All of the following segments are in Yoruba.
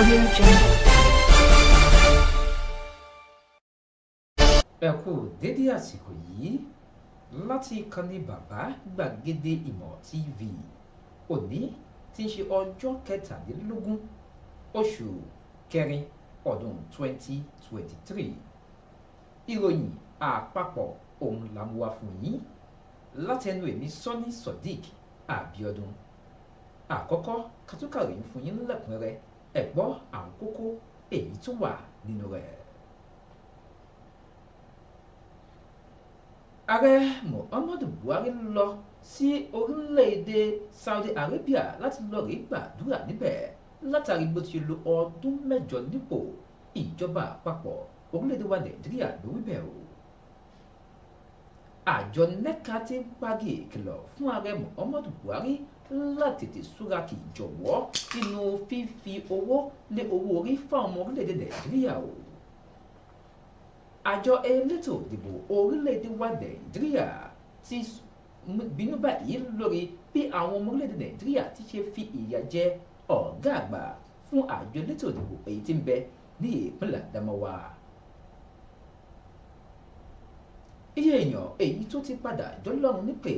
Audio Jungle. ẹ kú dédé àsìkò yìí láti ìkànnì bàbá gbàgede ìmọ̀ tv òní tí ń ṣe ọjọ́ kẹtàlélógún oṣù kẹrin ọdún 2023 ìròyìn àpapọ̀ òun la mú wá fún yín látẹnu èmi sọ́ni sodiq abiodun àkọ́kọ́ katukàrí ń fún yín lẹ́kùnrẹ́rẹ́ ẹ gbọ́ àwọn kókó èyí tó wà nínú rẹ̀. ààrẹ muhammadu buhari ń lọ sí orílẹ̀-èdè saudi arabia láti lọ rí gbàdúrà níbẹ̀ látàrí bó ti lò ọdún mẹ́jọ nípò ìjọba àpapọ̀ orílẹ̀-èdè wa nàìjíríà ló wí bẹ́ẹ̀ o. àjọ nẹ́ka ti ń parí ìkìlọ̀ fún ààrẹ muhammadu buhari láti tètè súraki jọ̀wọ́ nínú fífi owó lé owó orí fáwọn ọmọ orílẹ̀-èdè nàìjíríà o àjọ elétò ìdìbò orílẹ̀-èdè wa nàìjíríà ti bínú báyìí lórí bí àwọn ọmọ orílẹ̀-èdè nàìjíríà ti ṣe fi ìyà jẹ ọ̀gá àgbà fún àjọ elétò ìdìbò èyí tí ń bẹ ní ìpínlẹ̀ àdámáwá iye èèyàn èyí tó ti padà jọlọ́run nípè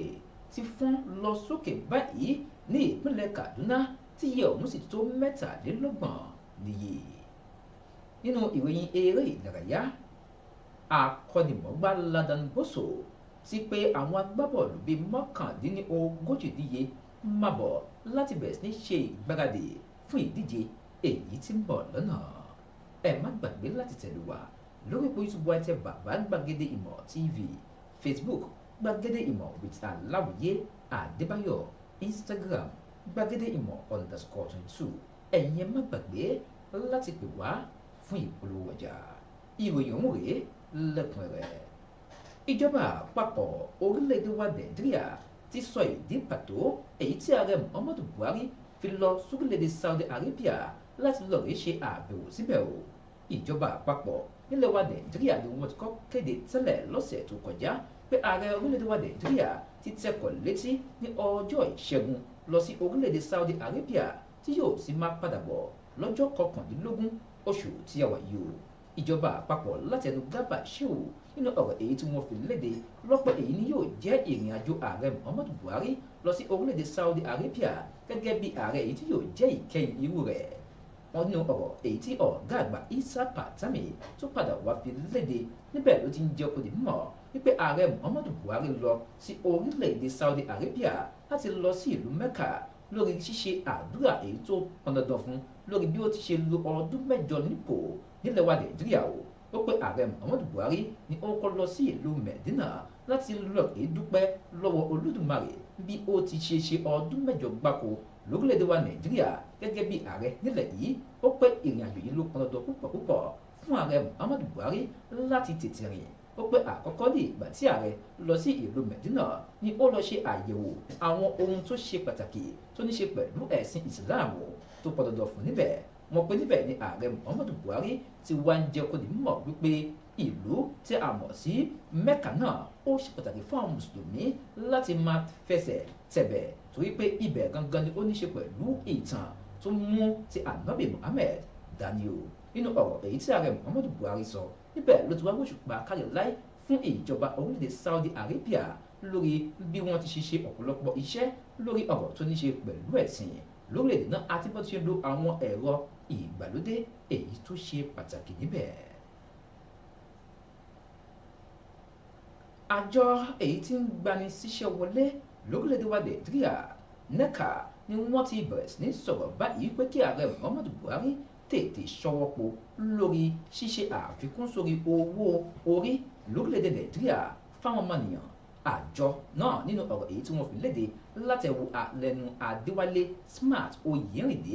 ti fún lọ sókè báyìí ní ìpínlẹ̀ Kaduna tí iye ọ̀hún sì tó mẹ́tàlélọ́gbọ̀n níye nínú ìròyìn eré ìdárayá akọ́nimọ̀gbá Ladan Boso ti pé àwọn agbábọ́ọ̀lù bíi mọ́kàndínlógójì níye máa bọ̀ láti bẹ̀rẹ̀ sí ní ṣe ìgbáradì fún ìdíje èyí tí ń bọ̀ lọ́nà ẹ má gbàgbé láti tẹ̀lé wa lórí ipò YouTube wa tẹ bàbá gbàgede ìmọ̀ TV Facebook gbàgede ìmọ̀ with aláwìyé àdébáyọ̀ instagram gbàgede ìmọ̀ underscore twenty two ẹ̀yin má gbàgbé láti pè wá fún ìpolówó ọjà ìròyìn òun rèé lẹ́kùn rẹ̀ ìjọba àpapọ̀ orílẹ̀-èdè wa nàìjíríà ti sọ ìdí pàtó èyí tí ààrẹ muhammadu buhari fi lọ sórílẹ̀-èdè saudi arabia láti lọ rèé ṣe àbẹ̀wò síbẹ̀ o ìjọba àpapọ̀ nílẹ̀ wa nàìjíríà ni wọ́n ti kọ́ kéde tẹ́lẹ̀ lọ́sẹ̀ tó kọjá pé ààrẹ orílẹ̀-èdè wa nàìjíríà ti tẹkọ̀ létí ní ọjọ́ ìṣẹ́gun lọ sí orílẹ̀-èdè saudi arabia tí yóò sì máa padà bọ̀ lọ́jọ́ kọkàndínlógún oṣù tí a wà yìí o ìjọba àpapọ̀ láti ẹnu gábà ṣéwò nínú ọ̀rọ̀ èyí tí wọ́n fi léde lọ́pọ̀ èyí ni yóò jẹ́ ìrìn àjò ààrẹ muhammadu buhari lọ sí orílẹ̀-èdè saudi arabia gẹ́gẹ́ bí ààrẹ èyí tí yóò jẹ́ ìkẹyìn irú rẹ̀ wọn nínú ọ̀rọ̀ èyí tí ọ̀gá àgbà isa patami tó padà wá fi léde níbẹ̀ ló ti ń jẹ́ kó di mọ̀ wípé ààrẹ muhammadu buhari lọ sí orílẹ̀-èdè saudi arabia láti lọ sí ìlú mecca lórí ṣíṣe àdúrà èyí tó pọn dandan fún lórí bí ó ti ṣe lo ọdún mẹ́jọ nípò nílẹ̀ wa nàìjíríà o ó pé ààrẹ muhammadu buhari ni ó kọ́ lọ sí ìlú medina láti lọ èé dúpẹ́ lọ́wọ́ olódùmarè bí ó ti ṣe ṣe ọdún mẹ́jọ gbáko lórílẹ̀‐èdè wa nàìjíríà gẹ́gẹ́ bí ààrẹ nílẹ̀ yìí ó pé ìrìn àjò yìí ló pọn dandan púpọ̀ púpọ̀ fún ààrẹ muhammadu buhari láti tètè rìn ó pé àkọ́kọ́ ní ìgbà tí ààrẹ lọ sí ìlú Medina ni ó lọ ṣe àyẹ̀wò àwọn ohun tó ṣe pàtàkì tó ní ṣe pẹ̀lú ẹ̀sìn ìsìláàmù tó pọ̀ fún níbẹ̀ mọ̀ pé níbẹ̀ ni ààrẹ Muhammadu Buhari ti wá ń jẹ́ kó ní mọ̀ wípé ìlú tí a mọ̀ sí Mẹ́kà náà ó ṣe pàtàkì fún àwọn mùsùlùmí láti máa fẹsẹ̀ tẹ̀bẹ̀ torí pé ibẹ̀ gangan ni ó ní ṣe pẹ̀lú ìtàn tó mú ti Ànábì Muhammad dání nínú ọ̀rọ̀ èyí tí ààrẹ Muhammadu Buhari sọ níbẹ̀ ló ti wá wòṣùpá kárí láì fún ìjọba orílẹ̀-èdè Saudi Arabia lórí bí wọ́n ti ṣiṣẹ́ ọ̀pọ̀lọpọ̀ iṣẹ́ lórí ọ̀rọ̀ tó ní ṣe pẹ̀lú ẹ̀sìn lórílẹ̀-èdè náà àti bó ti ṣe lo àwọn ẹ̀rọ ìgbàlódé èyí tó ṣe pàtàkì níbẹ̀. àjọ èyí tí ń gbani síṣẹ́ wọlé lórílẹ̀‐èdè wa nàìjíríà nẹ́ka ni wọ́n ti bẹ̀rẹ̀ sí ní sọ̀rọ̀ báyìí pé kí ààrẹ muhammadu buhari tètè ṣọwọ́pọ̀ lórí ṣíṣe àfikún sórí owó orí lórílẹ̀‐èdè nàìjíríà fáwọn ọmọnìyàn àjọ náà nínú ọ̀rọ̀ èyí tí wọ́n fi léde látẹ̀wò àlẹ́nu adéwálé smart oyèrìndé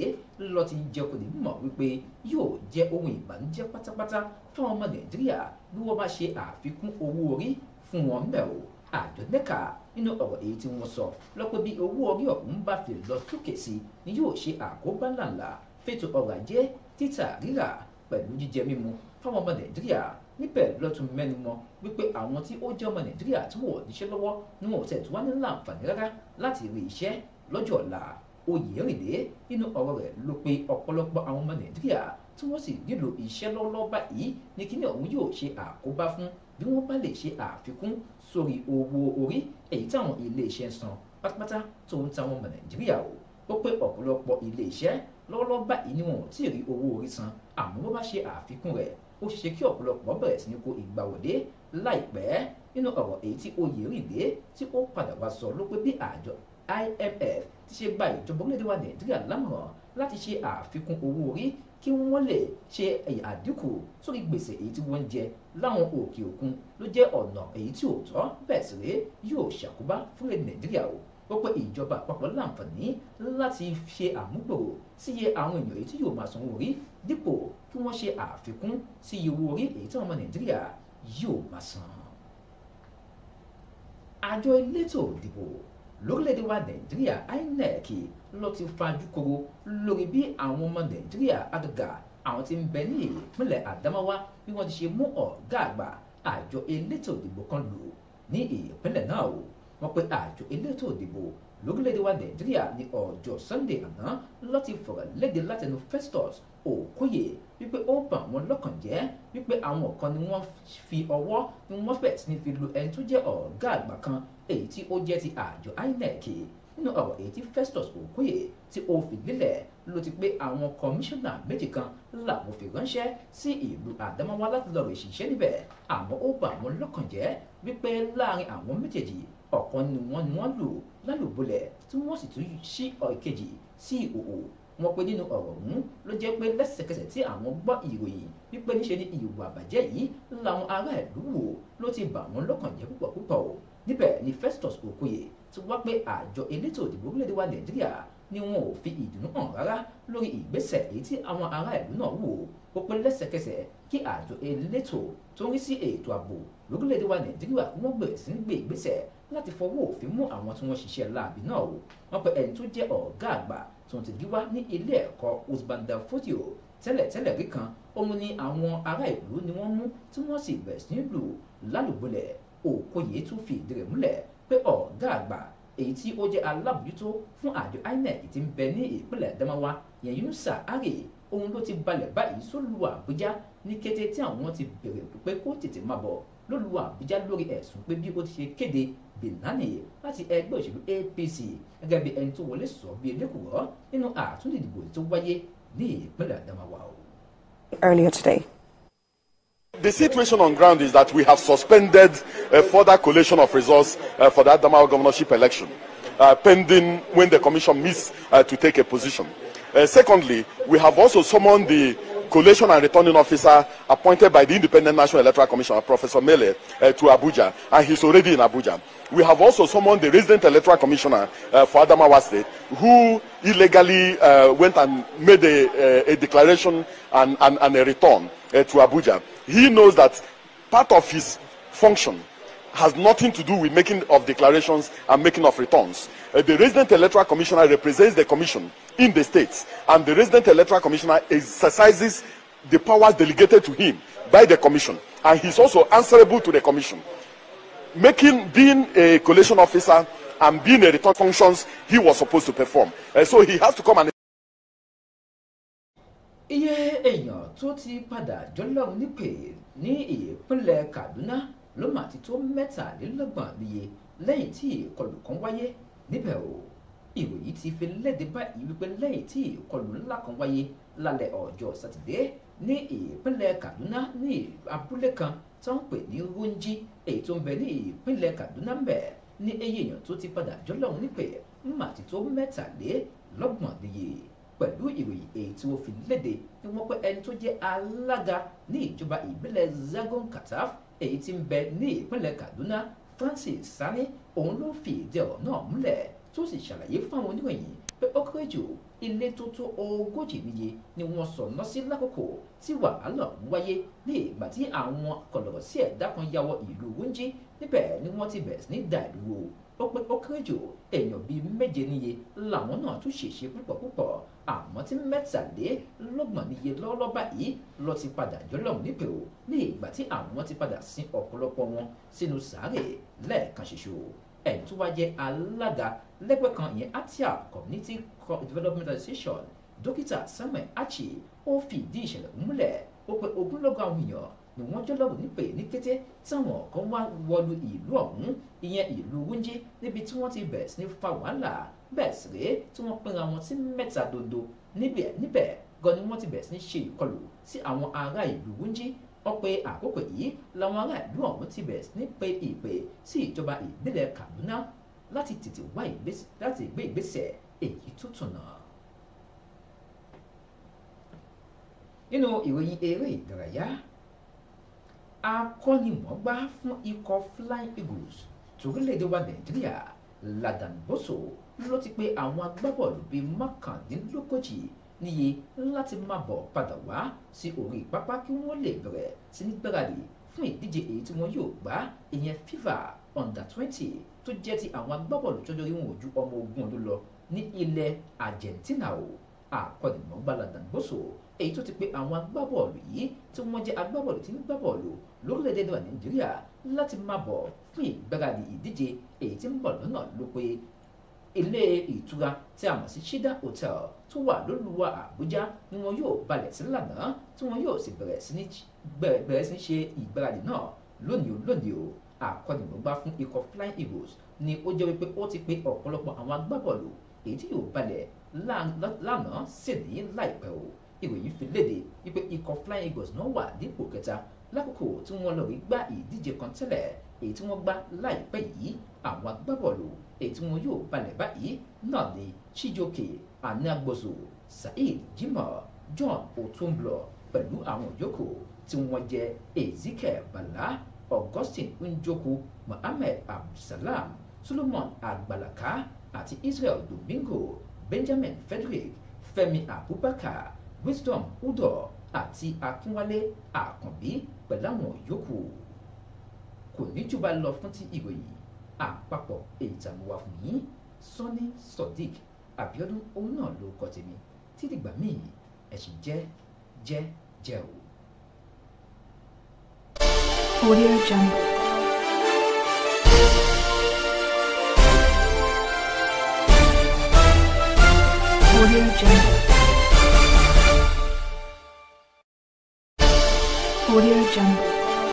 ló ti jẹ́ kó lè mọ̀ wípé yóò jẹ́ ohun ìbànújẹ́ pátápátá fáwọn ọmọ nàìjíríà bí wọ́n bá ṣe àfikún owó orí fún wọn mẹ́rò àjọ nẹ́ka nínú ọ̀rọ̀ èyí tí wọ́n sọ lọ́pọ̀ bí owó orí ọ̀hún bá fi lọ sókè sí ni yóò ṣe àkóbá ńláńlá fètò ọrọ̀ ajé títà rírà pẹ̀lú jíjẹ mímu fáwọn ọmọ nàìjíríà níbẹ̀ lọ́tún mẹ́nu mọ́ wípé àwọn tí ó jẹ́ ọmọ nàìjíríà tí wọn ò níṣẹ́ lọ́wọ́ ni wọn ò tẹ̀ tó wá ní láǹfààní rárá láti rí iṣẹ́ lọ́jọ́ ọ̀la oyèrìndé nínú ọ̀rọ̀ rẹ̀ ló pe ọ̀pọ̀lọpọ̀ àwọn ọmọ nàìjíríà tí wọ́n sì nílò iṣẹ́ lọ́wọ́lọ́wọ́ báyìí ní kíní ọ̀hún yóò ṣe àkóbá fún bí wọ́n bá lè ṣe àfikún sórí owó orí èyí táwọn ilé iṣẹ́ san pátápátá tó ń ta àwọn ọmọ nàìjíríà o ó pé ọ̀pọ̀lọpọ̀ ilé iṣẹ́ lọ́wọ́lọ́wọ́ báyìí ni wọn ò tí ì rí owó orí san àmọ́ bó bá ṣe àfikún rẹ̀ ó ṣeé kí ọ̀pọ̀lọpọ̀ bẹ̀rẹ̀ sí ní kó ìgbàwọlé láìpẹ́ nínú ọ̀rọ̀ èyí tí Oyèrìndé tí ó padà wá sọ ló pé bí àjọ IMF ti ṣe gba ìjọba orílẹ̀-èdè wa Nàìjíríà lámọ̀ràn láti ṣe àfikún owó orí kí wọ́n lè ṣe àdínkù sórí gbèsè èyí tí wọ́n ń jẹ láwọn òkè òkun ló jẹ́ ọ̀nà èyí tí òótọ́ bẹ́ẹ̀ sì yóò ṣàkóbá fúnlẹ̀ Nàìjíríà o ó pé ìjọba àpapọ̀ láǹfààní láti ṣe àmúgbò sí iye àwọn èèyàn èyí tí yóò máa sanwó orí dípò kí wọ́n ṣe àfikún sí iye owó orí èyí tí ọmọ nàìjíríà yóò máa san. àjọ elétò òdìbò lórílẹ̀‐èdè wa nàìjíríà inec ló ti fajú koro lórí bí àwọn ọmọ nàìjíríà àgàgà àwọn tí ń bẹ ní ìpínlẹ̀ àdámáwá bí wọ́n ti ṣe mú ọ̀gá àgbà àjọ elétò òdìbò kan lò ní ìpínlẹ̀ náà o wọ́n pé àjọ elétò ìdìbò lórílẹ̀‐èdè wa nàìjíríà ní ọjọ́ sunday àná láti fọ̀rọ̀ léde látẹnu festus òkúyè wípé ó bà wọ́n lọ́kàn jẹ́ wípé àwọn kan ni wọ́n fi ọwọ́ ni wọ́n fẹ̀ sí fi lu ẹni tó jẹ́ ọ̀gá àgbà kan èyí tí ó jẹ́ ti àjọ inec nínú ọ̀rọ̀ èyí tí festus òkúyè tí ó fi lélẹ̀ ló ti pé àwọn kọmíṣánná méjì kan làwọn fi ránṣẹ́ sí ìlú àdámáwá láti lọ rè ṣiṣẹ́ níbẹ̀ àmọ́ ó bà wọ́n lọ́kàn jẹ́ wípé láàrin àwọn méjèèjì ọ̀kan nínú wọn ni wọ́n lù lálùbọ́lẹ̀ tí wọ́n sì tún ṣí ìkejì sí ìhòòhò wọ́n pe nínú ọ̀rọ̀ ọ̀hún ló jẹ́ pé lẹ́sẹ̀kẹsẹ̀ tí àwọn gbọ́ ìròyìn wípé níṣe ni ìwà àbàjẹ́ yìí làwọn ará ìlú wò ló ti bà wọ́n lọ́kàn jẹ́ púpọ̀ púpọ̀ o níbẹ̀ ni Festus Okoye ti wá pé àjọ elétò òdìbò orílẹ̀-èdè wa Nàìjíríà ni wọn ò fi ìdùnnú hàn rárá lórí ìgbésẹ̀ èyí tí àwọn ará ìlú náà wò ó pé lẹ́sẹ̀kẹsẹ̀ kí àjọ elétò tó ń rí sí ètò ààbò lórílẹ̀-èdè wa Nàìjíríà wọ́n bẹ̀rẹ̀ sí ń gbé ìgbésẹ̀ láti fọwọ́ òfin mú àwọn tí wọ́n ṣiṣẹ́ láabi náà wò wọ́n pe ẹni tó jẹ́ ọ̀gá àgbà tó ń tẹ̀gíwá ní ilé ẹ̀kọ́ Usbanda Fodio tẹ́lẹ̀tẹ́lẹ̀ rí kan òun ni àwọn ará ìlú ni wọ́n mú tí wọ́n sì bẹ̀rẹ̀ sí lù lálùbọ́lẹ̀ Okoye tún fi ìdí rẹ̀ múlẹ̀ pé ọ̀gá àgbà èyí tí ó jẹ́ alábòjútó fún àjọ INEC tí ń bẹ ní ìpínlẹ̀ Adamawa yẹn Yunusa Ari òun ló ti balẹ̀ báyìí sólùú Àbújá ní kété tí àwọn ti bèrè pé kó tètè máa bọ̀ lólùú Àbújá lórí ẹ̀sùn pé bí ó ti ṣe kéde Binani láti ẹgbẹ́ òṣèlú APC gẹ́gẹ́ bí ẹni tó wọlé sọ bí elékùwọ́ nínú àtúndì ìdìbò tó wáyé ní ìpínlẹ̀ Adamawa o. Earlier today. The situation on ground is that we have suspended uh, further collation of results uh, for the Adamawa governorship election, uh, pending when the commission meets uh, to take a position. Uh, secondly, we have also summoned the collation and returning officer appointed by the Independent National Electoral Commission, Professor Mele, uh, to Abuja, and he's already in Abuja. We have also summoned the resident electoral commissioner uh, for Adamawa State, who illegally uh, went and made a, a, a declaration and, and, and, a return to Abuja. He knows that part of his function has nothing to do with making of declarations and making of returns. Uh, the resident electoral commissioner represents the commission in the states, and the resident electoral commissioner exercises the powers delegated to him by the commission, and he's also answerable to the commission. Making being a collation officer and being a return functions he was supposed to perform, uh, so he has to come and. iye èèyàn tó ti padà jọlọ́run nípè ní ìpínlẹ̀ kaduna ló mà ti tó mẹ́tàlélọ́gbọ̀n níye lẹ́yìn tí ìkọlù kan wáyé níbẹ̀ o ìròyìn ti fi léde báyìí wípé lẹ́yìn tí ìkọlù ńlá kan wáyé lálẹ́ ọjọ́ sátidé ní ìpínlẹ̀ Kaduna ní abúlé kan tó ń pè ní Wunji èyí tó ń bẹ ní ìpínlẹ̀ Kaduna ń bẹ ní eye èèyàn tó ti padà jọlọ́run nípè ń ti tó mẹ́tàlélọ́gbọ̀n níye pẹ̀lú ìròyìn èyí tí wọ́n fi léde ni wọ́n pé ẹni tó jẹ́ alága ní ìjọba ìbílẹ̀ Zagon Kataf èyí tí ń bẹ ní ìpínlẹ̀ Kaduna Francis Sani òun ló fi ìdí ọ̀rọ̀ náà múlẹ̀ tó sì ṣàlàyé fáwọn oníròyìn pé ó kéré jù ilé tó tó ogójì níye ni wọ́n sọ̀nà sí lákòókò tí wàhálà wáyé ní ìgbà tí àwọn kọ̀lọ̀rọ̀ sí ẹ̀dá kan yawọ ìlú Wúnjí níbẹ̀ ni wọ́n ti bẹ̀rẹ̀ sí ní da ó kéré jù èèyàn bíi méje níye làwọn náà tún ṣèṣe púpọ̀ púpọ̀ àmọ́ tí mẹ́tàlélọ́gbọ̀n níye lọ́wọ́lọ́wọ́ báyìí lọ ti padà jọlọ́run nípè o ní ìgbà tí àwọn ti padà sin ọ̀pọ̀lọpọ̀ wọn sínú sàárè lẹ́ẹ̀kan ṣoṣo ẹni tó wá jẹ́ alága lẹ́gbẹ́ kan ìyẹn atia community development association dókítà samuel achi ó fìdí ìṣẹ̀lẹ̀ múlẹ̀ ó pé ogunlọ́gọ̀ àwọn èèyàn ni wọ́n jólọ́bù nípè ní kété táwọn ọ̀kan wá wọlú ìlú ọ̀hún ìyẹn ìlú wúnjí níbi tí wọ́n ti bẹ̀rẹ̀ sí ní fa wàhálà bẹ́ẹ̀ sì rèé tí wọ́n pinra wọn sí mẹ́ta dodo níbẹ̀ níbẹ̀ gan ni wọ́n ti bẹ̀rẹ̀ sí ní ṣe ìkọlù sí àwọn ará ìlú wúnjí wọ́n pe àkókò yìí làwọn ará ìlú ọ̀hún ti bẹ̀rẹ̀ sí ní pe ìpè sí ìjọba ìbílẹ̀ Kaduna láti tètè wá láti gbé ìgbésẹ̀ èyí tó tọ̀nà. nínú ìròyìn eré ìdárayá akọ́nimọ̀ọ́gbá fún ikọ̀ Flying Eagles torílẹ̀-èdè wa Nàìjíríà Ladan Boso ló ti pe àwọn agbábọ́ọ̀lù bíi mọ́kàndínlógójì níye láti máa bọ̀ padà wá sí orí pápá kí wọ́n lè bẹ̀rẹ̀ sí ní gbáradì fún ìdíje èyí tí wọ́n yóò gbá ìyẹn FIFA under twenty tó jẹ́ ti àwọn agbábọ́ọ̀lù tó lórí wọn ò ju ọmọ ogún ọdún lọ ní ilẹ̀ Argentina o àkọ́nimọ̀ọ́gbá Ladan Boso èyí tó ti pe àwọn agbábọ́ọ̀lù yìí tí wọ́n jẹ́ agbábọ́ọ̀lù tí ń gbábọ́ọ̀lù lórílẹ̀‐èdè wa nàìjíríà láti máa bọ̀ fún ìgbáradì ìdíje èyí tí ń bọ̀ lọ́nà ló pé ilé ìtura tí a mọ̀ sí Shida Hotel tó wà lólùwà àbújá ni wọn yóò balẹ̀ sí lánàá tí wọn yóò sì bẹ̀rẹ̀ sí ní ṣe ìgbáradì náà lónìí o lónìí o àkọ́nìmọ̀gbá fún ikọ̀ Flying Eagles ni ó jẹ́ wípé ó ti pe ọ̀pọ̀lọpọ̀ àwọn agbábọ́ọ̀lù èyí tí yóò balẹ̀ lánàá sì ní láìpẹ́ o ìròyìn fi léde wípé ikọ̀ Flying Eagles náà wà dípò kẹta lákòókò tí wọ́n lọ rí gbá ìdíje kan tẹ́lẹ̀ èyí tí wọ́n gbá láìpẹ́ yìí àwọn agbábọ́ọ̀lù èyí tí wọ́n yóò balẹ̀ báyìí náà ni Chijioke Anagbozo Saheed Jimoh John Otunblo pẹ̀lú àwọn yòókù tí wọ́n jẹ́ Ezekiel Bala Augustine Njoku Mohammed Abdulsalam Solomon Agbalaka àti Israel Domingo Benjamin Frederick Femi Abubakar Wisdom Udo àti Akínwálé Àkànbí pẹ̀láwọn yòókù kò ní jù bá lọ fún ti ìròyìn àpapọ̀ ìtàmúwa fún yín Sọ́ní Sodiq Abiodun òun náà ló kọ tèmi títí gbà míì ẹ̀sìn jẹ́ jẹ́ jẹ́ o. Audio Jungle. Audio Jungle. Audio Jungle.